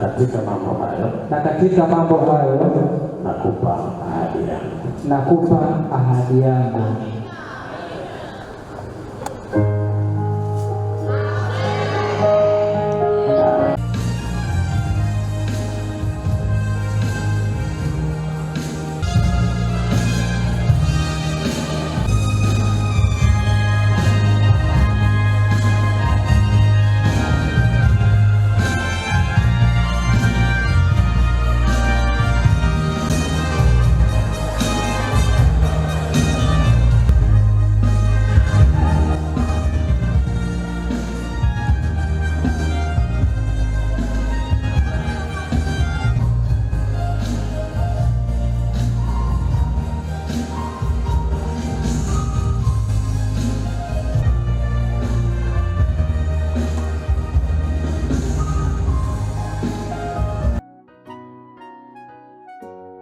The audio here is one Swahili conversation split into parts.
katika mambo hayo na katika mambo hayo nakupa ahadi yangu, nakupa ahadi yangu.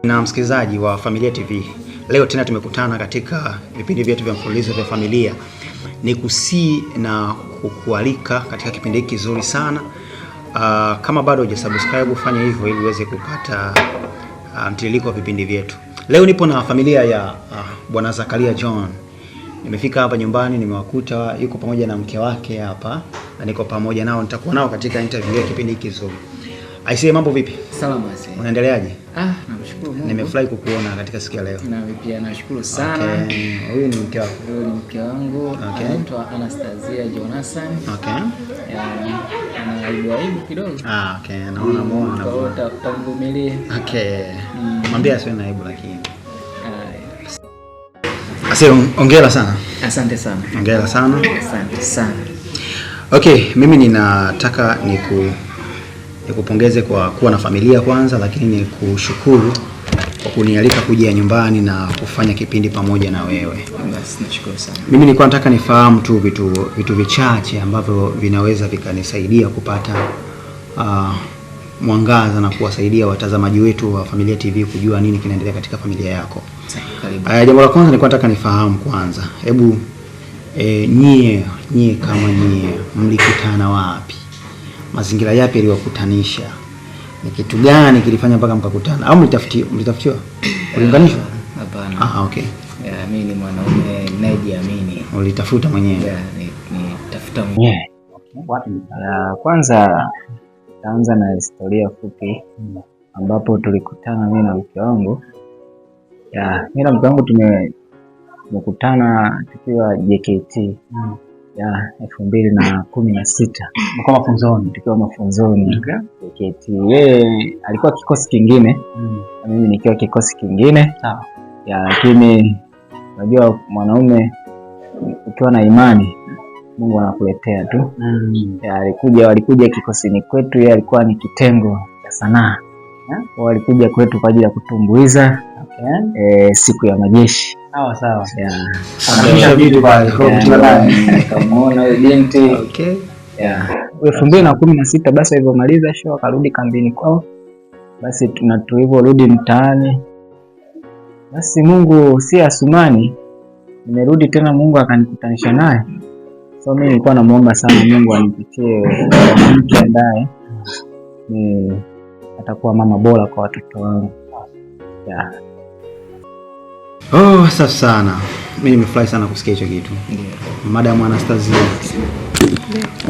na msikilizaji wa Familia TV. Leo tena tumekutana katika vipindi vyetu vya mfululizo vya familia. Ni kusii na kukualika katika kipindi hiki kizuri sana. Uh, kama bado hujasubscribe fanya hivyo ili uweze kupata uh, mtiririko wa vipindi vyetu. Leo nipo na familia ya uh, Bwana Zakaria John. Nimefika hapa nyumbani nimewakuta yuko pamoja na mke wake hapa na niko pamoja nao, nitakuwa nao katika interview ya kipindi hiki kizuri. Aisee, mambo vipi? Salama mzee. Unaendeleaje? Ah, namshukuru Mungu. Nimefurahi kukuona katika siku ya leo. Na vipi? nashukuru sana. Okay. Huyu ni mke wako? Huyu ni mke wangu. Okay. Anaitwa Anastasia Jonathan. Okay. Anaibu aibu kidogo. Ah, okay. Naona muone na muone. Utavumilia. Okay. Mm. Mwambie asiwe na aibu lakini. Ase, ongera sana. Asante sana. Ongera sana. Asante sana. Okay, mimi ninataka niku nikupongeze kwa kuwa na familia kwanza, lakini nikushukuru kwa kunialika kuja nyumbani na kufanya kipindi pamoja na wewe. Mimi nilikuwa nataka nifahamu tu vitu vitu vichache ambavyo vinaweza vikanisaidia kupata uh, mwangaza na kuwasaidia watazamaji wetu wa Familia TV kujua nini kinaendelea katika familia yako. Uh, jambo la kwanza nilikuwa nataka nifahamu kwanza, hebu eh, nyie nyie kama nyie mlikutana wapi? mazingira yapi yaliwakutanisha, ni kitu gani kilifanya mpaka mkakutana, au mlitafutiwa mlitafutiwa kulinganishwa? Hapana. Ah, okay. Yeah, mimi ni mwanaume ninayejiamini. Ulitafuta mwenyewe? nitafuta mwenyewe. kwanza taanza na historia fupi ambapo tulikutana mimi na mke wangu. Ya, mimi na mke wangu tumekutana tukiwa JKT. Mm ya elfu mbili na kumi na sita mko mafunzoni, tukiwa mafunzoni Yeye alikuwa kikosi kingine mm. na mimi nikiwa kikosi kingine ya, ah. lakini unajua mwanaume ukiwa na imani Mungu anakuletea tu mm. ya, alikuja walikuja kikosini kwetu, yeye alikuwa ni kitengo cha sanaa, ah. walikuja kwetu kwa ajili ya kutumbuiza okay. E, siku ya majeshi sawa sawa, vitu pale binti elfu mbili na kumi na sita basi alivyomaliza show akarudi kambini kwao, basi tulivyorudi mtaani, basi Mungu si Asumani, nimerudi tena, Mungu akanikutanisha naye. So mimi nilikuwa namuomba sana Mungu anipitie mtu ambaye atakuwa mama bora kwa watoto wangu. Oh, safi sana. Mimi nimefurahi sana kusikia hicho kitu. Madam Anastasia,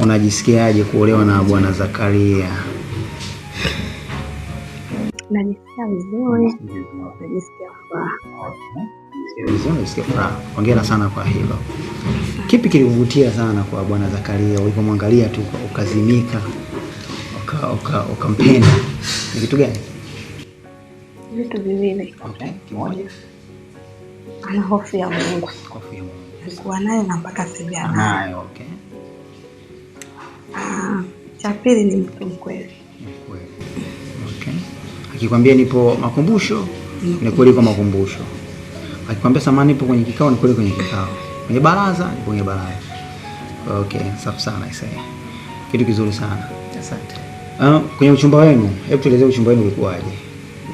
unajisikiaje kuolewa na Bwana Zakaria? Najisikia furaha. Hongera sana kwa hilo. Kipi kilivutia sana kwa Bwana Zakaria ulipomwangalia tu ukazimika ukampenda? Ni kitu gani? Vitu viwili. Okay, kimoja. Ana hofu ya Mungu. Hofu ya Mungu. Alikuwa nayo na mpaka sasa hivi anayo. Okay. Ah, cha pili ni mtu mkweli. Mkweli. Okay. Akikwambia nipo makumbusho, ni kweli kwa makumbusho. Akikwambia samani nipo kwenye kikao, ni kweli kwenye kikao. Kwenye baraza, ni kwenye baraza. Okay, safi sana I say. Kitu kizuri sana. Asante. Uh, kwenye uchumba wenu, hebu tueleze uchumba wenu ulikuwaje?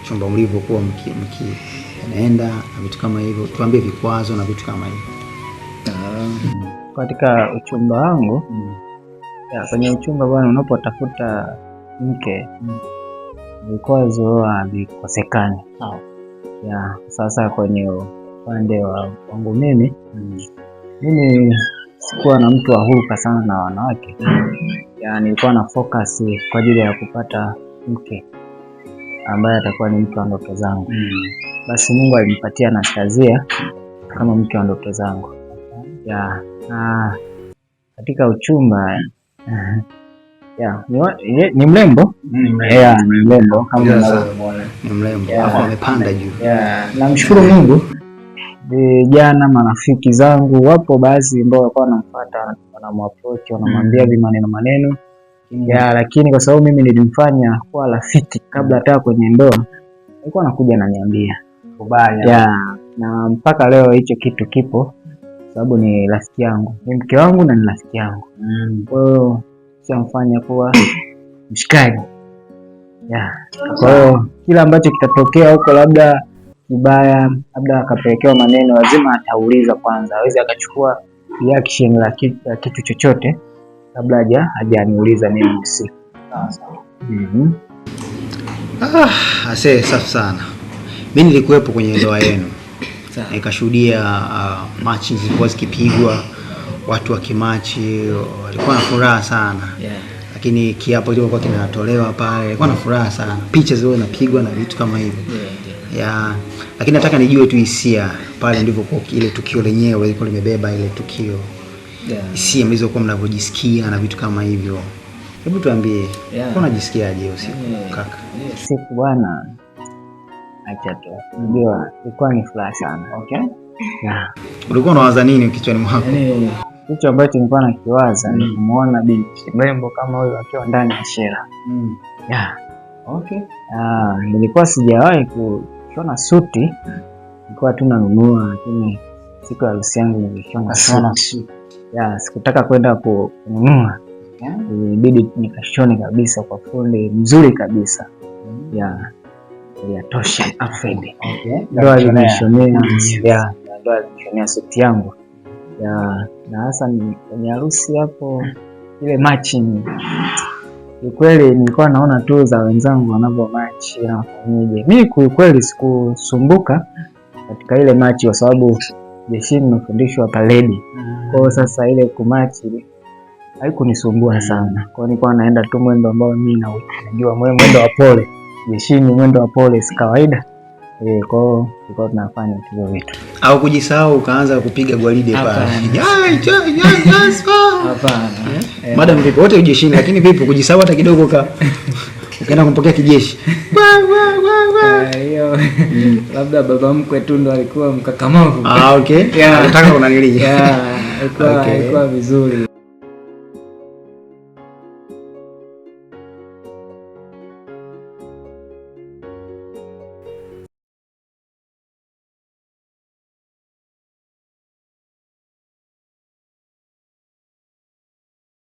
Uchumba mlivyokuwa mki, mki yanaenda na vitu kama hivyo, tuambie vikwazo na vitu kama hivyo. Ah. Katika uchumba wangu mm. ya, kwenye uchumba bwana, unapotafuta mke mm. vikwazo havikosekani. ya sasa kwenye upande wa wangu mimi mm. mimi sikuwa na mtu wa huruka sana na wanawake mm. ya nilikuwa na focus kwa ajili ya kupata mke ambaye atakuwa ni mtu wa ndoto zangu mm. Basi Mungu alinipatia Anastasia kama mtu wa ndoto zangu ya na katika uchumba mm, ya ni mrembo ni mrembo kama mrembo amepanda juu. Namshukuru Mungu, vijana marafiki zangu wapo baadhi ambao walikuwa wanamfuata, wanamwaproach, wanamwambia mm. vimaneno maneno ya, lakini kwa sababu mimi nilimfanya kuwa rafiki kabla hata kwenye ndoa, alikuwa anakuja ananiambia ya, na mpaka leo hicho kitu kipo, sababu ni rafiki yangu, ni mke wangu na ni rafiki yangu. Mm. Kwa hiyo shamfanya kuwa mshikaji. Kwa hiyo kila ambacho kitatokea huko, labda kibaya, labda akapelekewa maneno, lazima atauliza kwanza, aweze akachukua reaction la kitu chochote kabla haja hajaniuliza mimi husika. mm Ah, asee safi sana. Mimi nilikuwepo kwenye ndoa yenu nikashuhudia uh, machi zilikuwa zikipigwa, watu wa kimachi walikuwa na furaha sana yeah. Lakini kiapo kilichokuwa kinatolewa pale ilikuwa na furaha sana, picha zile zinapigwa na vitu kama hivyo yeah, yeah. Lakini nataka nijue tu hisia pale ndivyo ile tukio lenyewe lilikuwa limebeba ile tukio yeah. mlizokuwa mnavyojisikia na vitu kama hivyo. Hebu tuambie yeah. unajisikiaje usiku yeah. kaka? Siku bwana, acha tu. Unajua ilikuwa ni furaha sana. Okay? Yeah. Ulikuwa unawaza nini kichwani mwako? Yeah. Yaani, Kitu ambacho nilikuwa nakiwaza mm. ni kumuona binti mrembo kama huyo akiwa ndani ya shera mm. yeah. okay. Ah, nilikuwa sijawahi kushona suti, nilikuwa tu nanunua, lakini siku ya harusi yangu nilishona sana suti ya sikutaka kwenda kununua, ilibidi nikashoni kabisa kwa fundi mzuri kabisa mm-hmm. ya yatosha afende ndo alinishonea ndo alinishonea mm-hmm. suti yangu mm-hmm. ya na hasa kwenye harusi hapo ile machi ni kiukweli nilikuwa naona tu za wenzangu wanavyo machi nawafanyeje. Mi kiukweli sikusumbuka katika ile machi, kwa sababu jeshini nimefundishwa paredi kwao. Sasa ile kumachi haikunisumbua sana hiyo nilikuwa naenda tu mwendo ambao mimi na najua mwendo wa pole jeshini, mwendo wa pole si kawaida e, kwa kwao tulikuwa tunafanya hizo vitu. Au kujisahau ukaanza kupiga gwaride pale, eh? madam vipi, wote jeshini, lakini vipi kujisahau hata kidogo, ukaenda kumpokea kijeshi hiyo mm. labda baba mkwe tu ndo alikuwa mkakamavu. Ah, okay. Nataka yeah, Alikuwa alikuwa vizuri.